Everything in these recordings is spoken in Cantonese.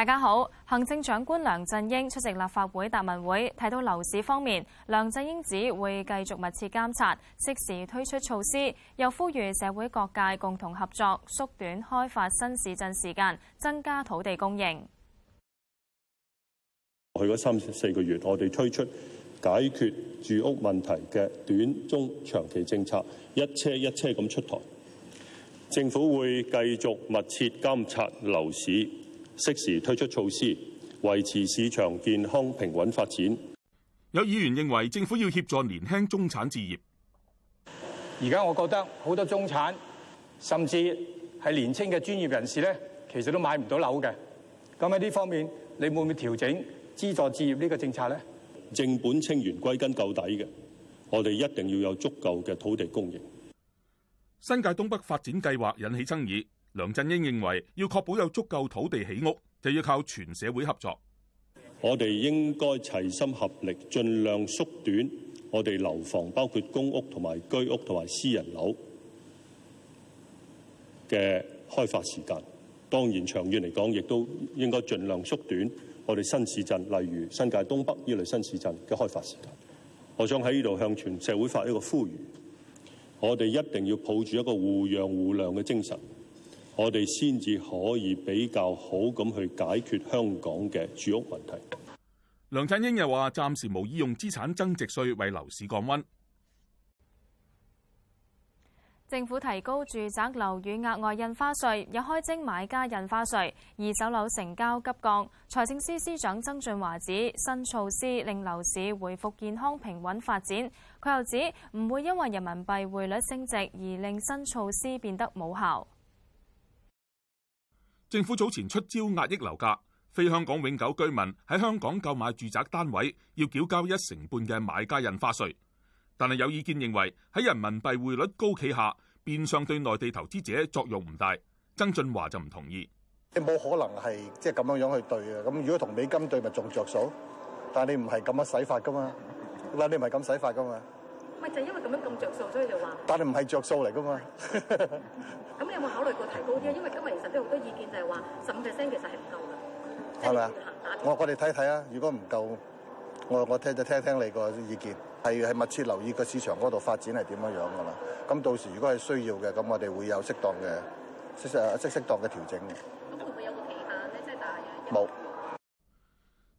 大家好，行政長官梁振英出席立法會答問會，睇到樓市方面，梁振英指會繼續密切監察，適時推出措施，又呼籲社會各界共同合作，縮短開發新市鎮時間，增加土地供應。去咗三四個月，我哋推出解決住屋問題嘅短、中、長期政策，一車一車咁出台。政府會繼續密切監察樓市。適時推出措施，維持市場健康平穩發展。有議員認為政府要協助年輕中產置業，而家我覺得好多中產甚至係年輕嘅專業人士咧，其實都買唔到樓嘅。咁喺呢方面，你會唔會調整資助置業呢個政策咧？正本清源、歸根究底嘅，我哋一定要有足夠嘅土地供應。新界東北發展計劃引起爭議。梁振英認為，要確保有足夠土地起屋，就要靠全社會合作。我哋應該齊心合力，盡量縮短我哋樓房，包括公屋同埋居屋同埋私人樓嘅開發時間。當然，長遠嚟講，亦都應該盡量縮短我哋新市鎮，例如新界東北呢類新市鎮嘅開發時間。我想喺呢度向全社會發一個呼籲，我哋一定要抱住一個互讓互諒嘅精神。我哋先至可以比較好咁去解決香港嘅住屋問題。梁振英又話：暫時無意用資產增值稅為樓市降溫。政府提高住宅樓宇額外印花稅，又開徵買家印花稅，二手樓成交急降。財政司司長曾俊華指，新措施令樓市回復健康平穩發展。佢又指唔會因為人民幣匯率升值而令新措施變得冇效。政府早前出招壓抑樓價，非香港永久居民喺香港購買住宅單位要繳交一成半嘅買家印花稅，但係有意見認為喺人民幣匯率高企下，變相對內地投資者作用唔大。曾俊華就唔同意。你冇可能係，即係咁樣樣去對啊，咁如果同美金對咪仲着數，但係你唔係咁樣使法噶嘛，嗱你唔係咁使法噶嘛。咪就係因為咁樣咁著數，所以就話。但係唔係著數嚟噶嘛？咁你有冇考慮過提高啲？因為今日其實都有好多意見，就係話十五 percent 其實係唔夠嘅。係咪啊？我我哋睇睇啊！如果唔夠，我我聽就聽聽你個意見，係係密切留意個市場嗰度發展係點樣樣㗎啦。咁到時如果係需要嘅，咁我哋會有適當嘅適適適適當嘅調整嘅。咁會唔會有個期限咧？即係大約冇。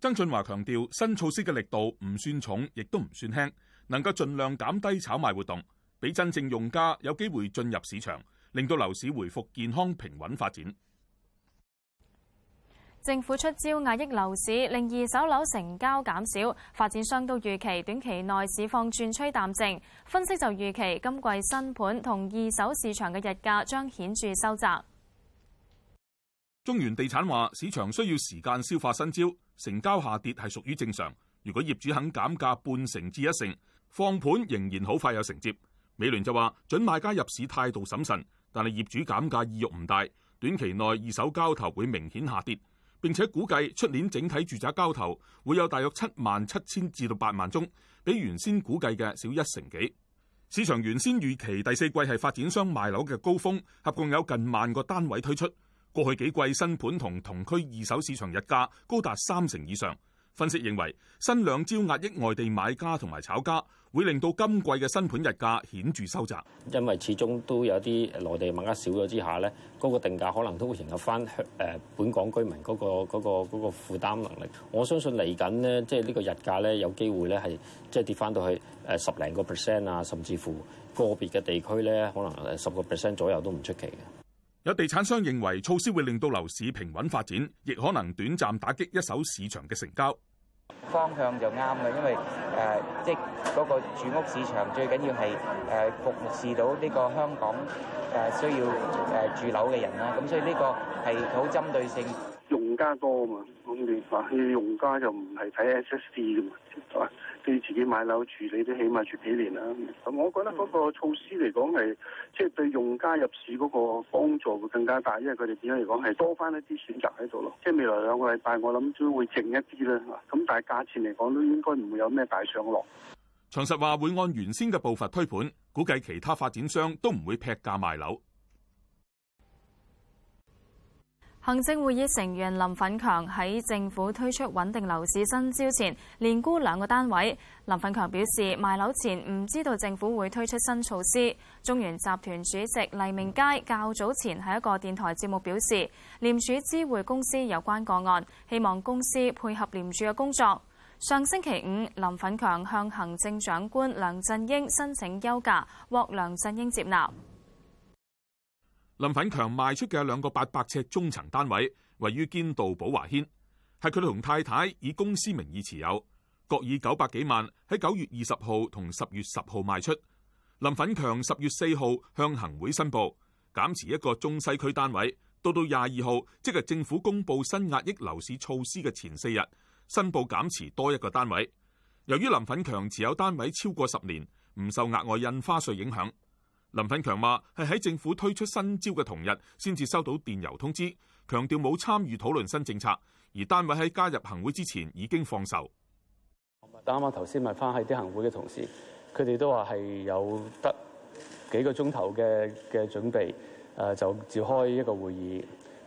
曾俊華強調，新措施嘅力度唔算重，亦都唔算輕，能夠盡量減低炒賣活動，俾真正用家有機會進入市場，令到樓市回復健康平穩發展。政府出招壓抑樓市，令二手樓成交減少，發展商都預期短期內市況轉趨淡靜。分析就預期今季新盤同二手市場嘅溢價將顯著收窄。中原地產話，市場需要時間消化新招。成交下跌係屬於正常，如果業主肯減價半成至一成，放盤仍然好快有承接。美聯就話，準買家入市態度審慎，但係業主減價意欲唔大，短期內二手交投會明顯下跌，並且估計出年整體住宅交投會有大約七萬七千至到八萬宗，比原先估計嘅少一成幾。市場原先預期第四季係發展商賣樓嘅高峰，合共有近萬個單位推出。過去幾季新盤同同區二手市場日價高達三成以上，分析認為新兩招壓抑外地買家同埋炒家，會令到今季嘅新盤日價顯著收窄。因為始終都有啲內地買家少咗之下咧，嗰個定價可能都會迎合翻，誒本港居民嗰個嗰個嗰個負擔能力。我相信嚟緊咧，即係呢個日價咧，有機會咧係即係跌翻到去誒十零個 percent 啊，甚至乎個別嘅地區咧，可能十個 percent 左右都唔出奇嘅。有地產商認為，措施會令到樓市平穩發展，亦可能短暫打擊一手市場嘅成交。方向就啱嘅，因為誒，即係嗰個住屋市場最緊要係誒、呃、服侍到呢個香港誒、呃、需要誒住樓嘅、呃、人啦。咁所以呢個係好針對性。用家多啊嘛，咁你話，去用家就唔係睇 SSD 噶嘛。對自己買樓住，你都起碼住幾年啦。咁我覺得嗰個措施嚟講係，即係對用家入市嗰個幫助會更加大，因為佢哋點樣嚟講係多翻一啲選擇喺度咯。即係未來兩個禮拜，我諗都會靜一啲啦。咁但係價錢嚟講都應該唔會有咩大上落。長實話會按原先嘅步伐推盤，估計其他發展商都唔會劈價賣樓。行政會議成員林奮強喺政府推出穩定樓市新招前，連沽兩個單位。林奮強表示賣樓前唔知道政府會推出新措施。中原集團主席黎明佳較早前喺一個電台節目表示，廉署知會公司有關個案，希望公司配合廉署嘅工作。上星期五，林奮強向行政長官梁振英申請休假，獲梁振英接納。林奮強賣出嘅兩個八百尺中層單位，位於堅道寶華軒，係佢同太太以公司名義持有，各以九百幾萬喺九月二十號同十月十號賣出。林奮強十月四號向行會申報減持一個中西區單位，到到廿二號，即係政府公布新壓抑樓市措施嘅前四日，申報減持多一個單位。由於林奮強持有單位超過十年，唔受額外印花稅影響。林奮強話：係喺政府推出新招嘅同日，先至收到電郵通知，強調冇參與討論新政策，而單位喺加入行會之前已經放售。啱啱頭先問翻喺啲行會嘅同事，佢哋都話係有得幾個鐘頭嘅嘅準備，誒就召開一個會議。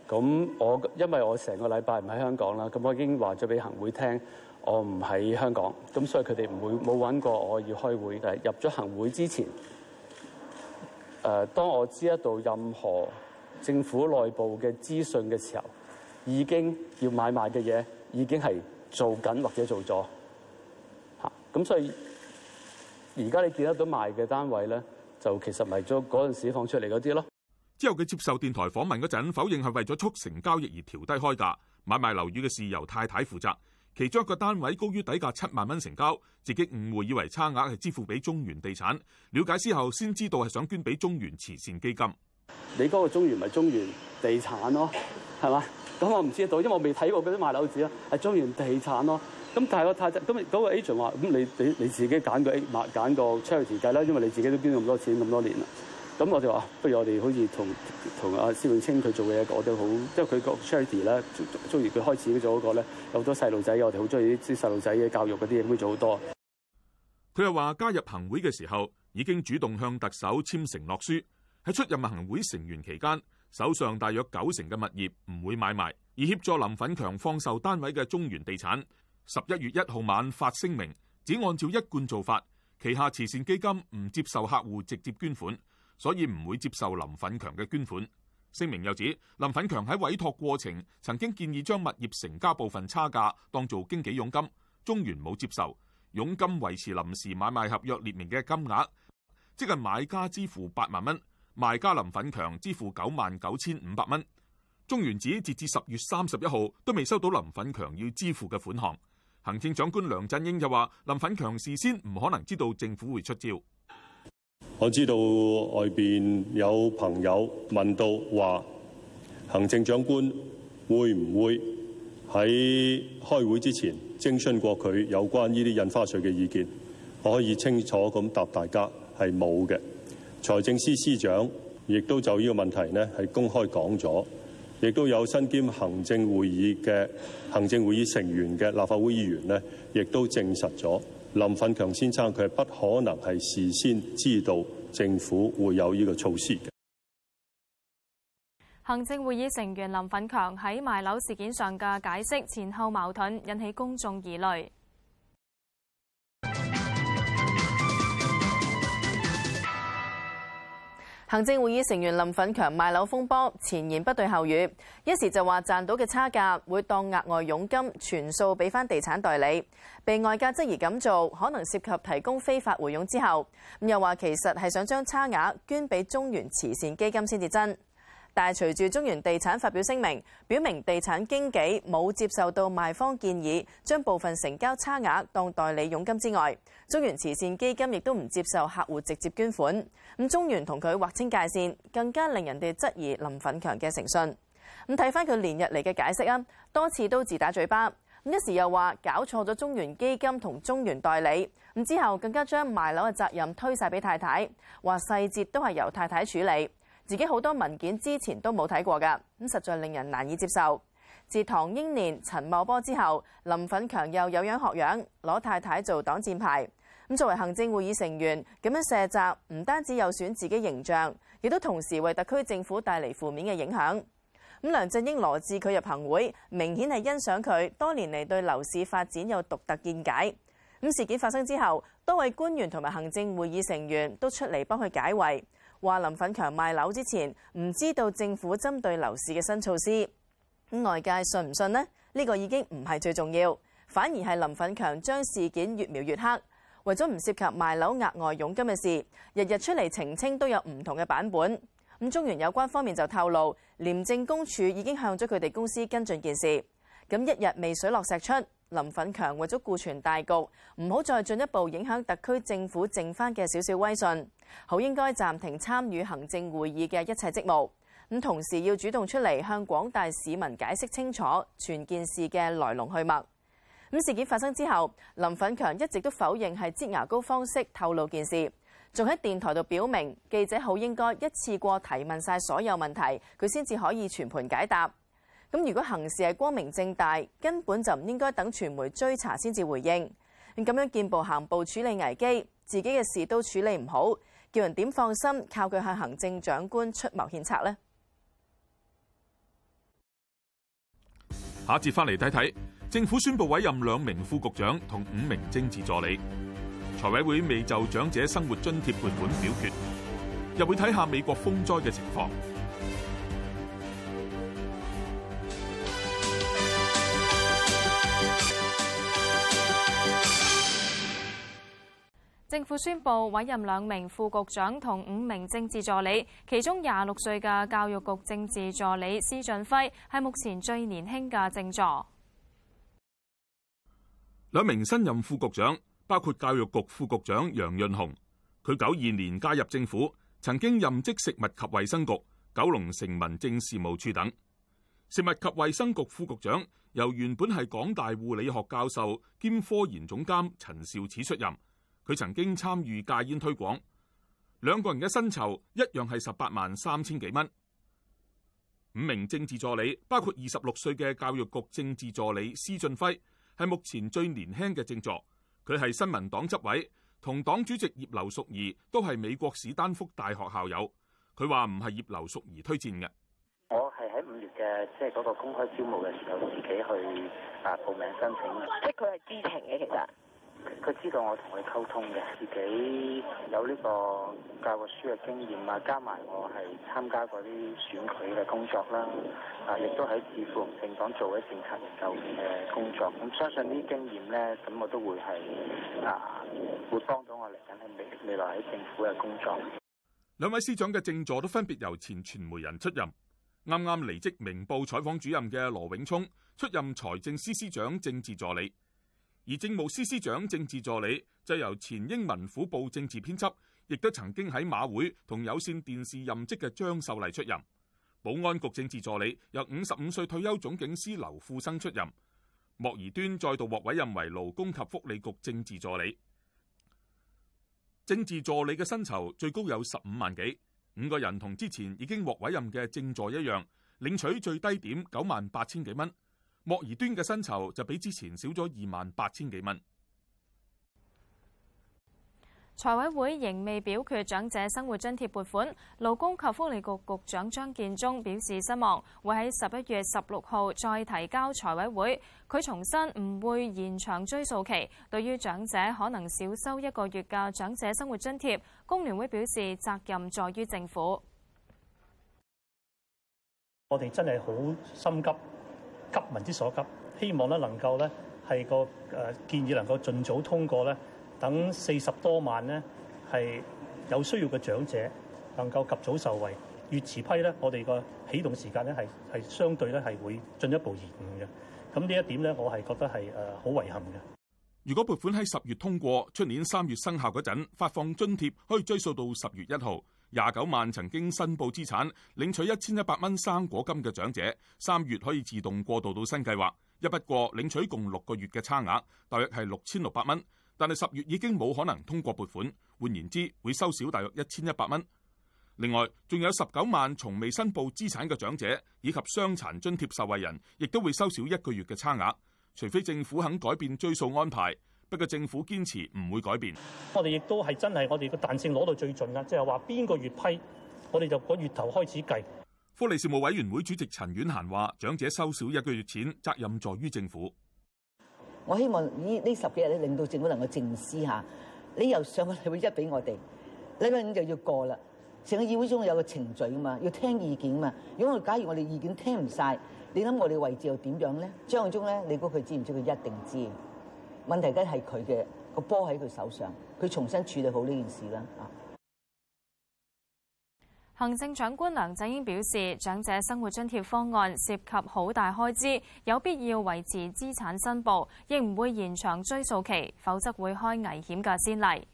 咁我因為我成個禮拜唔喺香港啦，咁我已經話咗俾行會聽，我唔喺香港，咁所以佢哋唔會冇揾過我要開會，但係入咗行會之前。誒，當我知道任何政府內部嘅資訊嘅時候，已經要買賣嘅嘢已經係做緊或者做咗嚇，咁所以而家你見得到賣嘅單位咧，就其實咪咗嗰陣時放出嚟嗰啲咯。之後佢接受電台訪問嗰陣，否認係為咗促成交易而調低開價，買賣樓宇嘅事由太太負責。其中一個單位高於底價七萬蚊成交，自己誤會以為差額係支付俾中原地產，了解之後先知道係想捐俾中原慈善基金。你嗰個中原咪中原地產咯，係嘛？咁我唔知得到，因為我未睇過嗰啲賣樓紙啦，係中原地產咯。咁但係我太，咁、那、嗰個 agent 話，咁你你你自己揀個 agent 揀個 charity 計啦，因為你自己都捐咗咁多錢咁多年啦。咁我哋話不如我哋好似同同阿蕭永清佢做嘅嘢，我都好即係佢個 charity 啦，中意佢開始做嗰、嗰個咧，有好多細路仔，我哋好中意啲細路仔嘅教育嗰啲嘢，會做好多。佢又話加入行會嘅時候已經主動向特首簽承諾書，喺出任行會成員期間，手上大約九成嘅物業唔會買賣，而協助林奮強放售單位嘅中原地產。十一月一號晚發聲明，只按照一貫做法，旗下慈善基金唔接受客戶直接捐款。所以唔會接受林奮強嘅捐款。聲明又指，林奮強喺委託過程曾經建議將物業成交部分差價當做經紀佣金，中原冇接受，佣金維持臨時買賣合約列明嘅金額，即係買家支付八萬蚊，賣家林奮強支付九萬九千五百蚊。中原指，截至十月三十一號都未收到林奮強要支付嘅款項。行政長官梁振英就話，林奮強事先唔可能知道政府會出招。我知道外邊有朋友問到話，行政長官會唔會喺開會之前徵詢過佢有關呢啲印花稅嘅意見，我可以清楚咁答大家係冇嘅。財政司司長亦都就呢個問題呢，係公開講咗，亦都有身兼行政會議嘅行政會議成員嘅立法會議員呢，亦都證實咗。林奮強先生，佢係不可能係事先知道政府會有呢個措施嘅。行政會議成員林奮強喺賣樓事件上嘅解釋前後矛盾，引起公眾疑慮。行政會議成員林奮強賣樓風波，前言不對後語，一時就話賺到嘅差價會當額外佣金，全數俾翻地產代理，被外界質疑咁做可能涉及提供非法回傭。之後咁又話其實係想將差額捐俾中原慈善基金先至真。但係，隨住中原地產發表聲明，表明地產經紀冇接受到賣方建議將部分成交差額當代理佣金之外，中原慈善基金亦都唔接受客戶直接捐款。咁中原同佢劃清界線，更加令人哋質疑林奮強嘅誠信。咁睇翻佢連日嚟嘅解釋，啊，多次都自打嘴巴。咁一時又話搞錯咗中原基金同中原代理，咁之後更加將賣樓嘅責任推晒俾太太，話細節都係由太太處理。自己好多文件之前都冇睇過的，噶，咁實在令人難以接受。自唐英年、陳茂波之後，林奮強又有樣學樣攞太太做擋箭牌。咁作為行政會議成員，咁樣卸責唔單止有損自己形象，亦都同時為特區政府帶嚟負面嘅影響。咁梁振英羅致佢入行會明顯係欣賞佢多年嚟對樓市發展有獨特見解。咁事件發生之後，多位官員同埋行政會議成員都出嚟幫佢解圍。話林奮強賣樓之前唔知道政府針對樓市嘅新措施，咁外界信唔信呢？呢個已經唔係最重要，反而係林奮強將事件越描越黑，為咗唔涉及賣樓額外佣金嘅事，日日出嚟澄清都有唔同嘅版本。咁中原有關方面就透露，廉政公署已經向咗佢哋公司跟進件事。咁一日未水落石出，林奮強為咗顧全大局，唔好再進一步影響特區政府剩翻嘅少少威信，好應該暫停參與行政會議嘅一切職務。咁同時要主動出嚟向廣大市民解釋清楚全件事嘅來龍去脈。咁事件發生之後，林奮強一直都否認係擠牙膏方式透露件事，仲喺電台度表明，記者好應該一次過提問晒所有問題，佢先至可以全盤解答。咁如果行事係光明正大，根本就唔應該等傳媒追查先至回應。咁樣見步行步處理危機，自己嘅事都處理唔好，叫人點放心，靠佢向行政長官出謀獻策呢？下一節翻嚟睇睇，政府宣布委任兩名副局長同五名政治助理。財委會未就長者生活津貼撥款表決，又會睇下美國風災嘅情況。政府宣布委任兩名副局長同五名政治助理，其中廿六歲嘅教育局政治助理施俊輝係目前最年輕嘅政助。兩名新任副局長包括教育局副局長楊潤雄，佢九二年加入政府，曾經任職食物及衛生局、九龍城民政事務處等。食物及衛生局副局長由原本係港大護理學教授兼科研總監陳肇始出任。佢曾經參與戒煙推廣，兩個人嘅薪酬一樣係十八萬三千幾蚊。五名政治助理包括二十六歲嘅教育局政治助理施俊輝，係目前最年輕嘅政助。佢係新民黨執委，同黨主席葉劉淑儀都係美國史丹福大學校友。佢話唔係葉劉淑儀推薦嘅。我係喺五月嘅即係嗰個公開招募嘅時候自己去啊報名申請，即係佢係知情嘅其實。佢知道我同佢溝通嘅，自己有呢個教過書嘅經驗啊，加埋我係參加過啲選舉嘅工作啦，啊，亦都喺政府同政黨做嘅政策研究嘅工作。咁相信呢啲經驗咧，咁我都會係啊，會幫到我嚟緊喺未未來喺政府嘅工作。兩位司長嘅政助都分別由前傳媒人出任。啱啱離職明報採訪主任嘅羅永聰出任財政司司長政治助理。而政務司司長政治助理就由前英文府報政治編輯，亦都曾經喺馬會同有綫電視任職嘅張秀麗出任；保安局政治助理由五十五歲退休總警司劉富生出任；莫宜端再度獲委任為勞工及福利局政治助理。政治助理嘅薪酬最高有十五萬幾，五個人同之前已經獲委任嘅政助一樣，領取最低點九萬八千幾蚊。莫宜端嘅薪酬就比之前少咗二萬八千幾蚊。財委會仍未表決長者生活津貼撥款，勞工及福利局局長張建宗表示失望，會喺十一月十六號再提交財委會。佢重申唔會延長追溯期，對於長者可能少收一個月嘅長者生活津貼，工聯會表示責任在於政府。我哋真係好心急。急民之所急，希望咧能夠咧係個誒建議能夠盡早通過咧，等四十多萬咧係有需要嘅長者能夠及早受惠。越遲批咧，我哋個啟動時間咧係係相對咧係會進一步延誤嘅。咁呢一點咧，我係覺得係誒好遺憾嘅。如果撥款喺十月通過，出年三月生效嗰陣發放津貼，可以追溯到十月一號。廿九萬曾經申報資產、領取一千一百蚊生果金嘅長者，三月可以自動過渡到新計劃，一不過領取共六個月嘅差額，大約係六千六百蚊。但係十月已經冇可能通過撥款，換言之會收少大約一千一百蚊。另外，仲有十九萬從未申報資產嘅長者以及傷殘津貼受惠人，亦都會收少一個月嘅差額，除非政府肯改變追溯安排。不過政府堅持唔會改變，我哋亦都係真係我哋嘅彈性攞到最盡啦，即係話邊個月批，我哋就個月頭開始計。福利事務委員會主席陳婉嫻話：，長者收少一個月錢，責任在於政府。我希望呢呢十幾日咧，令到政府能夠靜思下。你由上個禮拜一俾我哋，禮拜五就要過啦。成個議會中有個程序啊嘛，要聽意見啊嘛。如果假如我哋意見聽唔晒，你諗我哋位置又點樣咧？張建宗咧，你估佢知唔知？佢一定知。問題梗係佢嘅個波喺佢手上，佢重新處理好呢件事啦。行政長官梁振英表示，長者生活津貼方案涉及好大開支，有必要維持資產申報，亦唔會延長追溯期，否則會開危險嘅先例。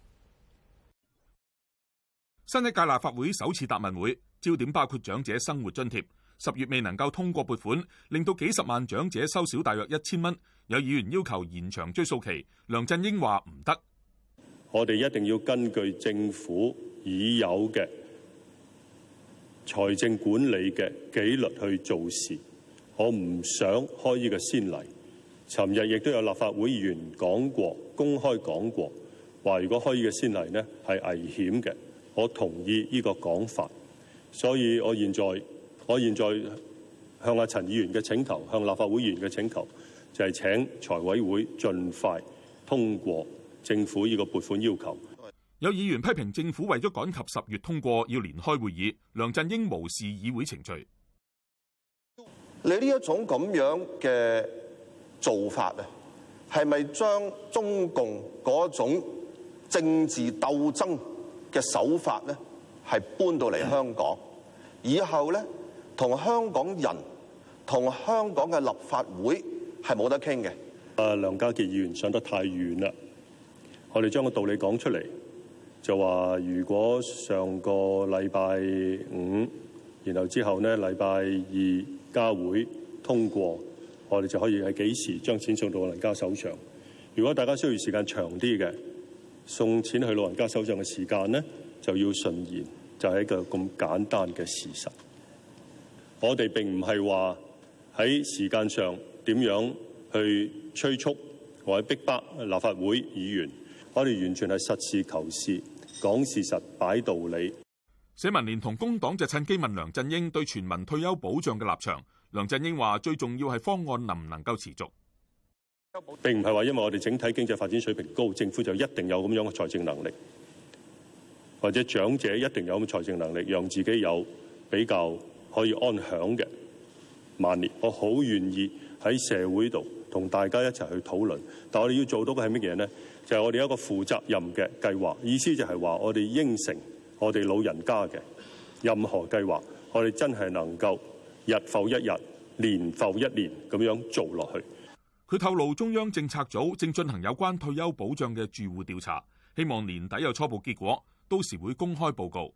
新一屆立法會首次答問會，焦點包括長者生活津貼。十月未能夠通過撥款，令到幾十萬長者收少大約一千蚊。有議員要求延長追溯期，梁振英話唔得，我哋一定要根據政府已有嘅財政管理嘅紀律去做事。我唔想開呢個先例。尋日亦都有立法會議員講過，公開講過話，如果開呢個先例呢，係危險嘅。我同意呢個講法，所以我現在。我現在向阿陳議員嘅請求，向立法會議員嘅請求，就係請財委會盡快通過政府呢個撥款要求。有議員批評政府為咗趕及十月通過，要連開會議，梁振英無視議會程序。你呢一種咁樣嘅做法啊，係咪將中共嗰種政治鬥爭嘅手法咧，係搬到嚟香港以後咧？同香港人、同香港嘅立法會係冇得傾嘅。啊，梁家傑議員想得太遠啦！我哋將個道理講出嚟，就話如果上個禮拜五，然後之後呢禮拜二加會通過，我哋就可以喺幾時將錢送到老人家手上。如果大家需要時間長啲嘅，送錢去老人家手上嘅時間呢，就要順延，就係一個咁簡單嘅事實。我哋並唔係話喺時間上點樣去催促，或者逼迫，迫立法會議員。我哋完全係實事求是，講事實，擺道理。社民連同工黨就趁機問梁振英對全民退休保障嘅立場。梁振英話：最重要係方案能唔能夠持續。並唔係話因為我哋整體經濟發展水平高，政府就一定有咁樣嘅財政能力，或者長者一定有咁嘅財政能力，讓自己有比較。可以安享嘅晚年，我好願意喺社會度同大家一齊去討論。但我哋要做到嘅係乜嘢呢？就係我哋一個負責任嘅計劃，意思就係話我哋應承我哋老人家嘅任何計劃，我哋真係能夠日復一日，年復一年咁樣做落去。佢透露，中央政策組正進行有關退休保障嘅住戶調查，希望年底有初步結果，到時會公開報告。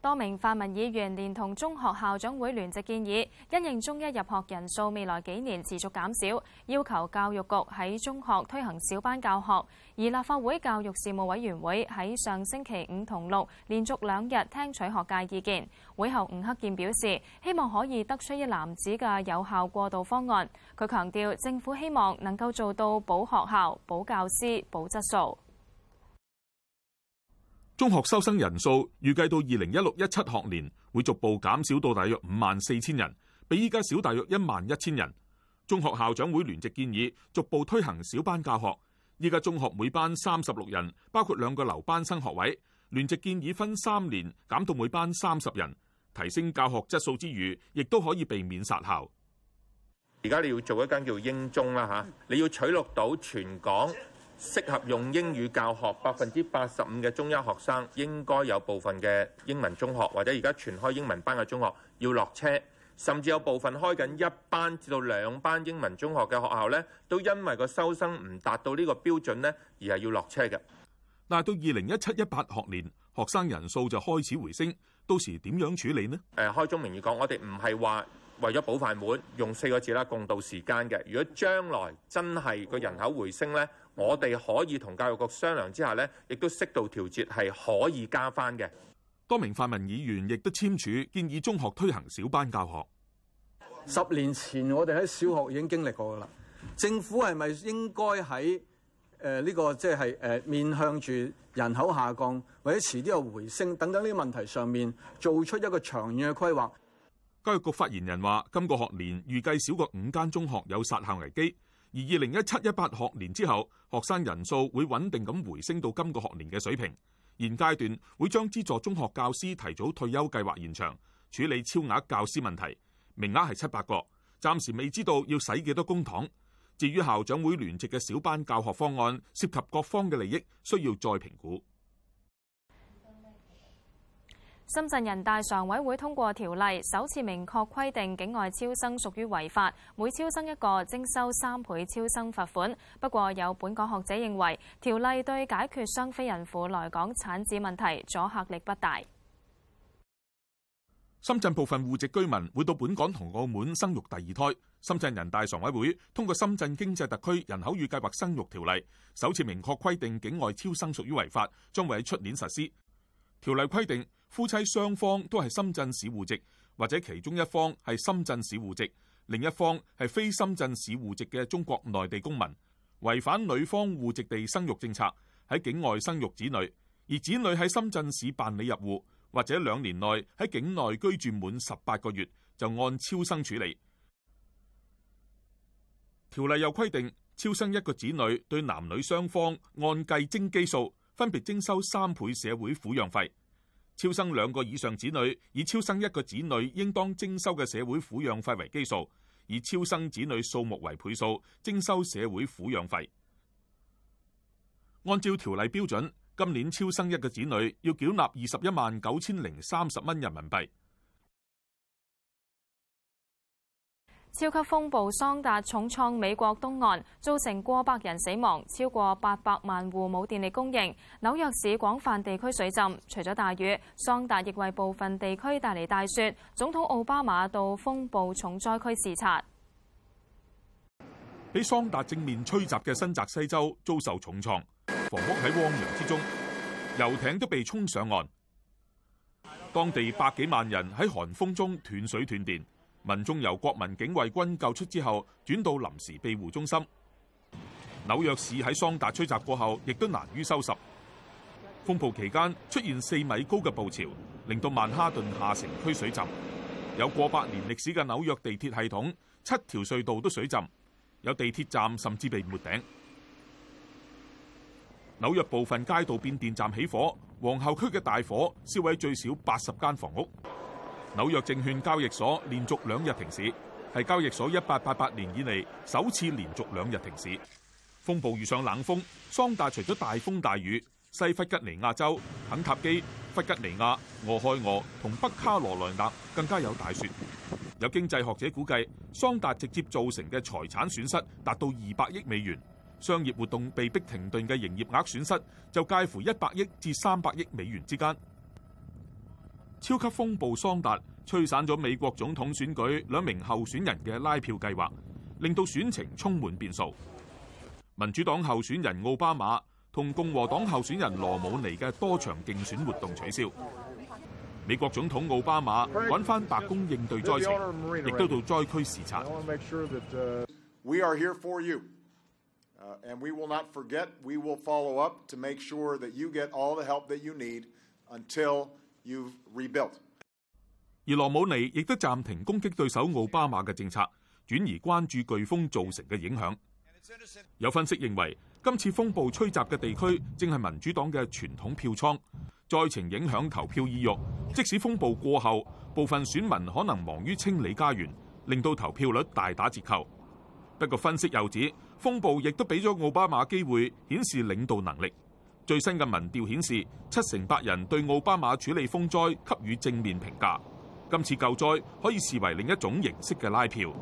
多名泛民議員連同中學校長會聯席建議，因應中一入學人數未來幾年持續減少，要求教育局喺中學推行小班教學。而立法會教育事務委員會喺上星期五同六連續兩日聽取學界意見。會後，吳克儉表示希望可以得出一籃子嘅有效過渡方案。佢強調政府希望能夠做到保學校、保教師、保質素。中學收生人數預計到二零一六一七學年會逐步減少到大約五萬四千人，比依家少大約一萬一千人。中學校長會聯席建議逐步推行小班教學，依家中學每班三十六人，包括兩個留班生學位。聯席建議分三年減到每班三十人，提升教學質素之餘，亦都可以避免殺校。而家你要做一間叫英中啦吓，你要取錄到全港。適合用英語教學，百分之八十五嘅中一學生應該有部分嘅英文中學，或者而家全開英文班嘅中學要落車，甚至有部分開緊一班至到兩班英文中學嘅學校呢，都因為個收生唔達到呢個標準呢，而係要落車嘅。但係到二零一七一八學年，學生人數就開始回升，到時點樣處理呢？誒，開宗明義講，我哋唔係話為咗保飯碗，用四個字啦，共度時間嘅。如果將來真係個人口回升呢。我哋可以同教育局商量之下呢，亦都適度調節，係可以加翻嘅。多名泛民議員亦都簽署建議中學推行小班教學。十年前我哋喺小學已經經歷過噶啦，政府係咪應該喺誒呢個即係誒面向住人口下降或者遲啲又回升等等呢個問題上面做出一個長遠嘅規劃？教育局發言人話，今個學年預計少過五間中學有殺校危機。而二零一七一八學年之後，學生人數會穩定咁回升到今個學年嘅水平。現階段會將資助中學教師提早退休計劃延長，處理超額教師問題，名額係七百個，暫時未知道要使幾多公帑。至於校長會聯席嘅小班教學方案，涉及各方嘅利益，需要再評估。深圳人大常委會通過條例，首次明確規定境外超生屬於違法，每超生一個徵收三倍超生罰款。不過，有本港學者認為，條例對解決雙非孕婦來港產子問題阻嚇力不大。深圳部分戶籍居民會到本港同澳門生育第二胎。深圳人大常委會通過《深圳經濟特區人口與計劃生育條例》，首次明確規定境外超生屬於違法，將會喺出年實施。條例規定，夫妻雙方都係深圳市戶籍，或者其中一方係深圳市戶籍，另一方係非深圳市戶籍嘅中國內地公民，違反女方戶籍地生育政策喺境外生育子女，而子女喺深圳市辦理入戶或者兩年內喺境內居住滿十八個月，就按超生處理。條例又規定，超生一個子女，對男女雙方按計徵基數分別徵收三倍社會撫養費。超生兩個以上子女，以超生一個子女應當徵收嘅社會撫養費為基數，以超生子女數目為倍數徵收社會撫養費。按照條例標準，今年超生一個子女要繳納二十一萬九千零三十蚊人民幣。超級風暴桑達重創美國東岸，造成過百人死亡，超過八百萬戶冇電力供應。紐約市廣泛地區水浸，除咗大雨，桑達亦為部分地區帶嚟大雪。總統奧巴馬到風暴重災區視察。俾桑達正面吹襲嘅新澤西州遭受重創，房屋喺汪洋之中，遊艇都被沖上岸，當地百幾萬人喺寒風中斷水斷電。民眾由國民警衛軍救出之後，轉到臨時庇護中心。紐約市喺桑達吹襲過後，亦都難於收拾。風暴期間出現四米高嘅暴潮，令到曼哈頓下城區水浸。有過百年歷史嘅紐約地鐵系統，七條隧道都水浸，有地鐵站甚至被沒頂。紐約部分街道變電站起火，皇后區嘅大火燒毀最少八十間房屋。紐約證券交易所連續兩日停市，係交易所一八八八年以嚟首次連續兩日停市。風暴遇上冷風，桑達除咗大風大雨，西弗吉尼亞州、肯塔基、弗吉尼亞、俄亥俄同北卡羅來納更加有大雪。有經濟學者估計，桑達直接造成嘅財產損失達到二百億美元，商業活動被迫停頓嘅營業額損失就介乎一百億至三百億美元之間。超級風暴桑達吹散咗美國總統選舉兩名候選人嘅拉票計劃，令到選情充滿變數。民主黨候選人奧巴馬同共和黨候選人羅姆尼嘅多場競選活動取消。美國總統奧巴馬趕返白宮應對災情，亦都到災區視察。而羅姆尼亦都暫停攻擊對手奧巴馬嘅政策，轉而關注颶風造成嘅影響。有分析認為，今次風暴吹襲嘅地區正係民主黨嘅傳統票倉，災情影響投票意欲。即使風暴過後，部分選民可能忙於清理家園，令到投票率大打折扣。不過，分析又指，風暴亦都俾咗奧巴馬機會顯示領導能力。最新嘅民調顯示，七成八人對奧巴馬處理風災給予正面評價。今次救災可以視為另一種形式嘅拉票。